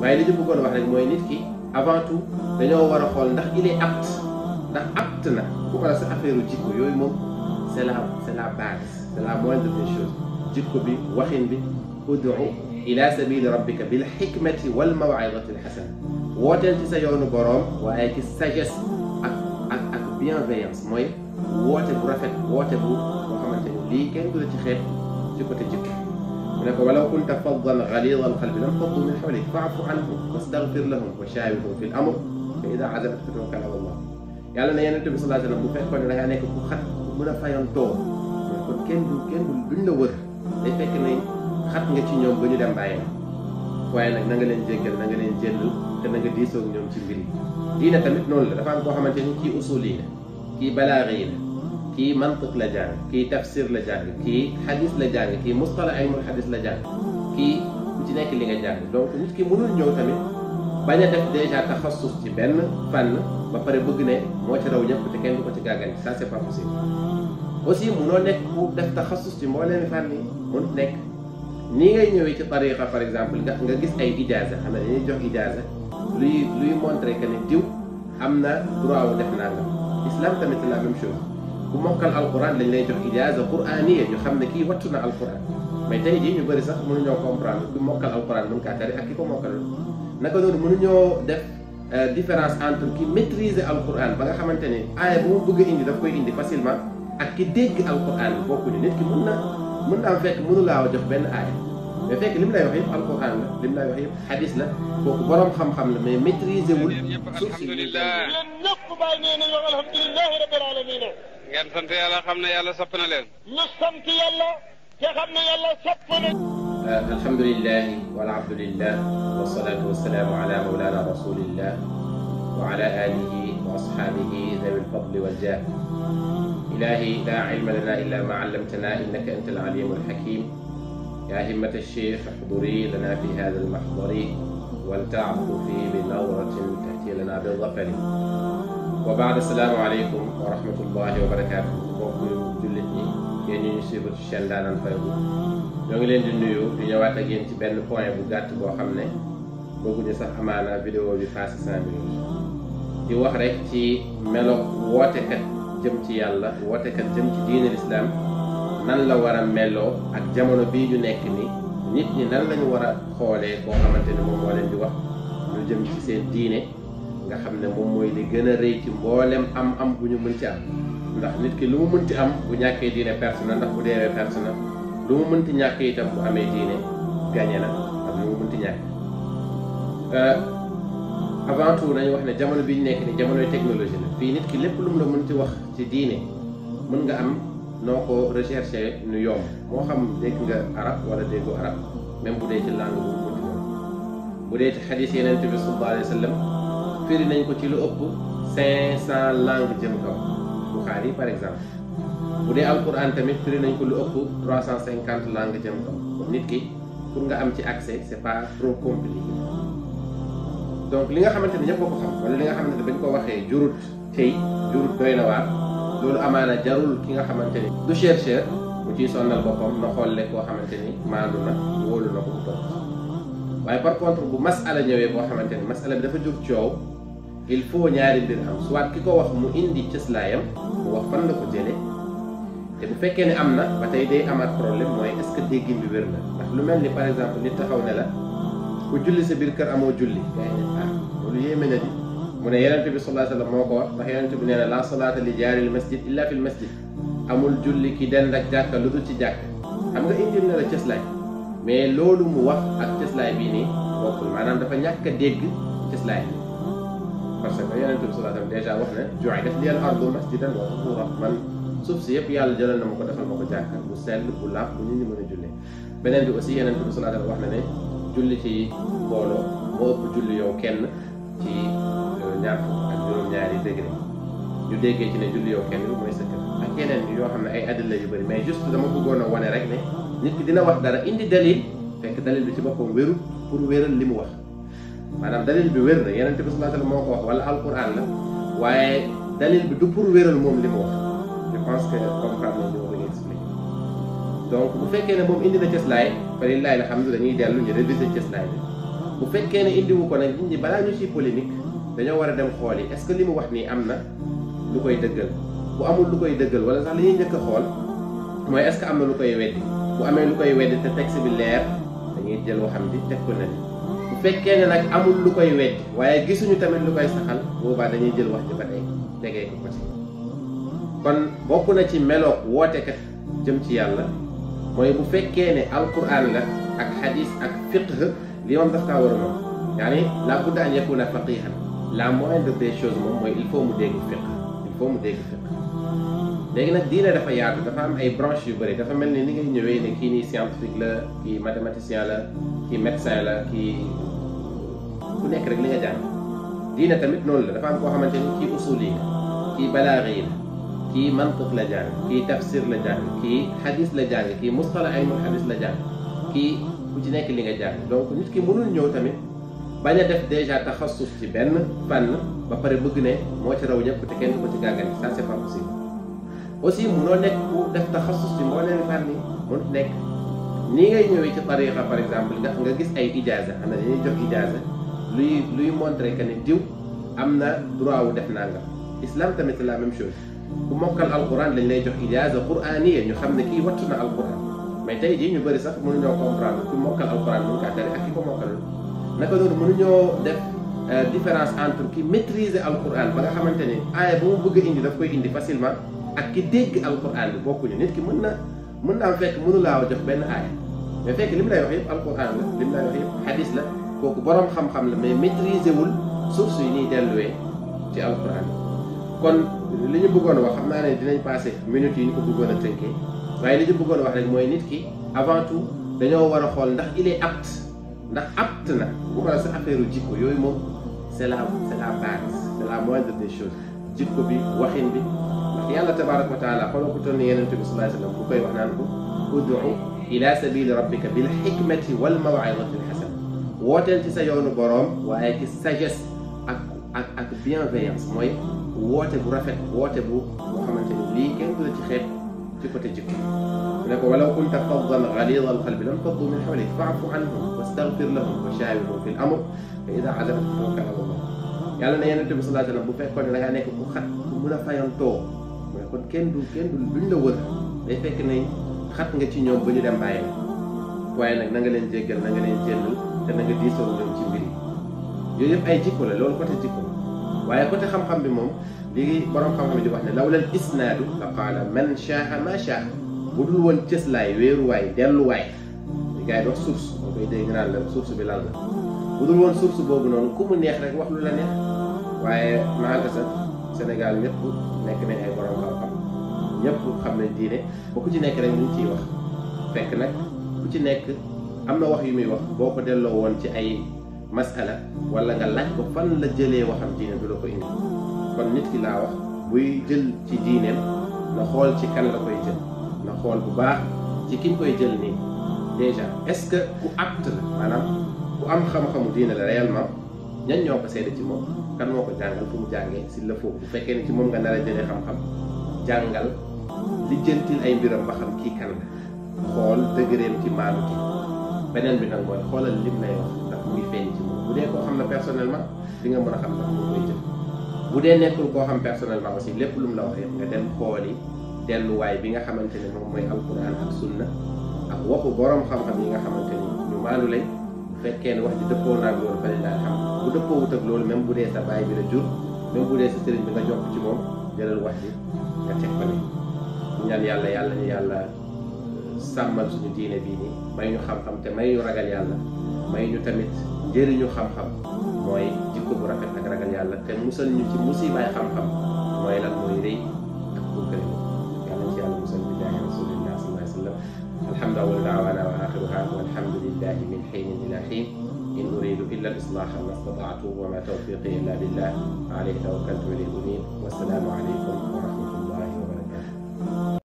waaye li ñu bëggoon wax rek mooy nit ki avant tout dañoo war a xool ndax il est apte ndax apte na bu ko la sa affaire jikko yooyu moom est la c'est la base c'est la moindre des choses jikko bi waxin bi udu ila sabili rabbika bil xikmati wal mawidati l xasana wooteel ci sa yoonu boroom waaye ci sagesse ak ak ak bienveillance mooy woote bu rafet woote bu boo xamante ni lii kenn du la ci xeet ci côté jikko mu ne ko walaw kunta faddan galida alqalbi lam faddu min xawlik faafu anhum wastaghfir lahum wa shaawirhum fi l amr fa ida azamta fatawakkal ala allah yàlla na yonent bi sallallahu alayhi wa sallam bu fekkoon ne da ngaa nekk ku xat ku mën a fayantoo kon kenn du kenn du duñ la wër day fekk ne xat nga ci ñoom ba ñu dem bàyyi waaye nag na nga leen jéggal na nga leen jéllal te na nga diisoog ñoom ci mbir yi diine tamit noonu la dafa am koo xamante ni kii usul yi la kii balaaga yi la की mantuk ले जाएंगे की तफसर la जाएंगे की हदीस ले जाएंगे की मुस्तला ilmul hadis le jàng kii ku ci nekk li nga jàng donc nit ki mënul ñëw tamit bañ a def déjà taxassus ci benn fànn ba pare bëgg ne moo ci raw ñëpp te kenn du ko ci gàggan ça c'est pas possible aussi mënoo nekk ku def taxassus ci mbooleemi fànn yi mun nekk ni ngay ñëwee ci tariqa par exemple nga nga gis ay ijaza xam ne dañuy jox ijaza luy luy montré que ne diw am droit wu def nangam islam tamit la même chose ممكن القران لا لاي جوخ اجازه قرانيه جو إيه؟ خامنا آه، كي واتنا القران مي تاي جي ني بري صاح مونو نيو كومبران دو ممكن القران نون كاتاري اكي كو ممكن نكا دون مونو نيو ديف ديفيرانس انتر كي ميتريزي القران باغا خامتاني اي بو بوغ اندي داف كوي اندي فاسيلمان اكي ديك القران بوكو نيت كي مونا مونا فيك مونو لا جوخ بن اي mais fekk lim lay wax yëpp alquran la lim lay wax yëpp hadis la kooku borom xam-xam la mais maitriser wul ngeen sant yàlla xam ne yàlla sopp na leen. ñu sant yàlla te xam ne yàlla sopp na. alhamdulillah walhamdulillah wasalaatu wasalaamu ala mawlana rasulillah wa ala alihi wa ashabihi dawi lfadli waljah ilahi la ilma lana illa ma allamtana innaka anta alalimu alhakim يا همة الشيخ احضري لنا في هذا المحضر ولتعطفي بنظرة تأتي لنا بالظفر وبعد السلام عليكم ورحمة الله وبركاته بوكو جولتي كاين ني سي بوت شين دا نان فاي بو نيغي لين دي نويو دي نيواتا كاين سي بن بوين بو غات بو خامني بوكو دي صاح امانا فيديو بي فاس سان دي دي واخ ريك سي ميلو ووتي كات جيم سي يالا ووتي كات جيم سي دين الاسلام نان لا ورا ميلو اك جامونو بي جو نيك ني nit ñi nan lañu war a xoolee boo xamante ni moom nga xam ne moom mooy li gën a rëy ci mboolem am-am bu ñu mën ci am ndax nit ki lu mu mënti am bu ñàkkee diine perte na ndax bu dee perte na lu mu mënti ñàkk itam bu amee diine gagné na ak lu mu mënti ñàkk euh, avant tout nañu wax ne jamono bi ñu nekk ni jamonoy technologie la fii nit ki lépp lu mu la mënti wax ci diine mën nga am noo ko recherché nu yomb moo xam dégg nga arab wala déggu arab même bu dee ci langue bu mu mënti bu firi nañ ko ci lu ëpp cinq cent langues jëm kaw par exemple bu dee alquran tamit firi nañ ko lu ëpp trois cent cinquante langues jëm kaw nit ki pour nga am ci accès c'est pas trop compliqué donc li nga xamante ne ñëpp ko xam wala li nga ko waxee jurut tey jurut doy na waar loolu amaana jarul ki nga xamante ni du chercheur mu ciy sonnal boppam na xolle koo xamante ni maandu na wóolu na ko bu toog waaye par contre bu masala ñëwee boo xamante ni masala bi dafa jur coow il faut ñaari mbir am soit ki ko wax mu indi cëslaayam mu wax fan la ko jële te bu fekkee ne am na ba tey day amaat problème mooy est-ce que déggin bi wér ndax lu mel ni par exemple nit taxaw ne la ku julli sa biir kër amoo julli gaa ah, yéeme na di mu ne yonent bi sallallahu alayhi wasallam moo ko wax ndax yonent bi nee na la salaata li jaaril masjid illa fil masjid amul julli ki dend ak jàkka lu dul ci jàkk xam nga indil na la cëslaay mais loolu mu wax ak cëslaay dafa ñàkk a dégg cëslaay parce que yonent bi sallallahu alayhi wa sallam dèjà wax ne ju'ilat liya al-ardu masjidan wa tuhura man suuf si yëpp yàlla jëlal na ma ko defal ma ko jàkka bu sell bu laaf bu nit ñi mën a jullee beneen bi aussi yonent bi sallallahu wax na ne julli ci mbooloo moo yow kenn ci ñaar fukk déggee ci ne julli yow kenn mooy sa kër ak yeneen bi yoo xam ne ay adilla yu bëri mais juste dama bëggoon a wane rek ne nit ki dina wax dara indi dalil fekk dalil bi ci boppam wéru pour wéral li mu wax manam dalil bi wér na bi sallallahu alayhi wasallam moko wax wala alquran la waye dalil bi du pour wéral mom li mu wax je pense que comprendre nañ li ma donc bu fekke ne mom indi na ci slide fa lillahi alhamdu dañuy delu ñu réviser ci slide bu fekke ne indi wuko nak indi bala ñu ci polémique dañu wara dem xoli est ce que limu wax ni amna lu koy deugal bu amul lu koy deugal wala sax li ñëk xol moy est ce que amna lu koy weddi bu amé lu koy weddi te texte bi lèr dañuy jël waxam di teg ko na ni fekkee ne nag amul lu koy wecc waaye gisuñu tamit lu koy saxal boobaa dañuy jël wax ji ba tey tegee ko ko ci kon bokk na ci meloog wootekat jëm ci yàlla mooy bu fekkee ne alquran la ak xadis ak fiqh li moom daf kaa war a moom yaani laa budda an yakuna faqihan la moindre des choses moom mooy il faut mu dégg fiqh il faut mu dégg fiqh léegi nag diine dafa yaatu dafa am ay branches yu bëri dafa mel ni ni ngay ñëwee ne kii nii scientifique la kii mathématicien la kii médecin la kii ku nekk rek li nga jàng diine tamit noonu la dafa am koo xamante ni kii usul yi kii balaaga yi kii mantiq la jàng kii tafsir la jàng kii xadis la jàng kii mustala ay mun xadis la jàng kii ku ci nekk li nga jàng donc nit ki mënul ñëw tamit bañ a def déjà taxasus ci benn fànn ba pare bëgg ne moo ci raw ñëpp te kenn aussi munoo nekk ku def taxasus bi moo leen far ni mun nekk nii ngay ñëwee ci tariqa par exemple nga nga gis ay ijaza xam ne dañuy jox ijaza luy luy montré que ne diw am na droit wu def nangam islam tamit c'est la même chose ku mokkal alquran lañ lay jox ijaza quraniya ñu xam ne kii wattu na alquran mais tey jii ñu bëri sax mënuñoo comprendre ku mokkal alquran mun kaa tari ak ki na mokkal naka noonu mënuñoo def euh, différence entre ki maîtriser alquran ba nga xamante ne aaya ba mu bëgg indi daf koy indi facilement ak ki dégg alquran bi bokkuñu nit ki mën na mën naa fekk mënu laa jox benn aaya mais fekk li mu lay wax yëpp alquran la li mu lay wax yëpp xadis la kooku boroom xam-xam la mais maîtriser wul source yi ñuy delluwee ci alquran kon li ñu bëggoon wax xam naa ne dinañ passé minutes yi ñu ko bëggoon a tënkee waaye li ñu bëggoon wax rek mooy nit ki avant tout dañoo war a xool ndax il est apte ndax apte na bu ma la sa affaire jikko yooyu moom c'est la c'est la base c'est la moindre des choses يلا تبارك وتعالى قولوا قلت لنا ينتمي صلى الله عليه وسلم كوكاي ادعو الى سبيل ربك بالحكمه والموعظه الحسنه ووتل تسا يون بروم وايك سجس اك اك اك بيان فيانس موي ووتل بو رافيت ووتل بو مخمنتي لي كان دو تي خيب تي كوتي جيك لك ولو كنت فظا غليظ القلب لم تفضوا من حولك فاعف عنهم واستغفر لهم وشاورهم في الامر فاذا عزمت فتوكل على الله يلا نيا نتبي صلى الله عليه وسلم بو فيكون لا نيك بو خات بو لا فايانتو kon kenn du kenn du luñ la wër day fekk ne xat nga ci ñoom ba ñu dem bàyyi waaye nag na nga leen jéggal na nga leen jëndal te na nga diisoo ñoom ci mbir yi yooyu yëpp ay jikko la loolu côté jikko waaye côté xam-xam bi moom léegi borom xam-xam di wax ne lawlal isnaadu la qaala man shaaha ma shaaha bu dul woon cëslaay wéeruwaay delluwaay li gars yi wax source moo koy dégg naan la source bi lan la bu dul woon source boobu noonu ku mu neex rek wax lu la neex waaye maa nga sax Sénégal ñëpp. nekk nañ ay borom xam-xam ñëpp xam nañ diine ba ku ci nekk rek ñu ngi ciy wax fekk nag ku ci nekk am na wax yu muy wax boo ko delloo woon ci ay masala wala nga laaj ko fan la jëlee waxam diine du loo ko indi kon nit ki laa wax buy jël ci diineem na xool ci kan la koy jël na xool bu baax ci ki koy jël nii déjà est-ce que ku apte la maanaam am xam-xamu diine la réellement ñan ñoo ko seede ci moom kan moo ko jàngal fu mu jàngee si la foofu bu fekkee ne ci moom nga nar a xam-xam jàngal li jëntil ay mbiram ba xam kii kan la xool dëgëreem ci maanu ci beneen bi nag mooy xoolal lim lay wax ndax muy feeñ ci bu dee koo xam ne personnellement di nga mën a xam ndax moom lay jëf bu dee nekkul koo xam personnel personnellement aussi lépp lu mu la wax nga dem xooli delluwaay bi nga xamante ne moom mooy alquran ak sunna ak waxu boroom xam yi nga xamante ni ñu maandu bu dëppoo wut ak loolu même bu dee sa baay bi la jur même bu dee sa bi nga jokk ci moom jëlal wax ji nga teg ko nii ñu ñaan yàlla yàlla ñu yàlla euh, sàmmal suñu diine may ñu xam-xam te may ñu ragal yàlla may ñu tamit njëriñu xam-xam mooy jikko bu rafet ak ragal yàlla te musal ñu ci musibaay xam-xam mooy lan mooy rëy ak bukkale yàlla ci yàlla musal bi daahi rasulillah sallallahu alayhi wa sallam alhamdu awal daawana wa axiruha walhamdulillahi min xiinin ila إلا الإصلاح ما استطعت وما توفيقي إلا بالله عليه توكلت إليه أنيب والسلام عليكم ورحمة الله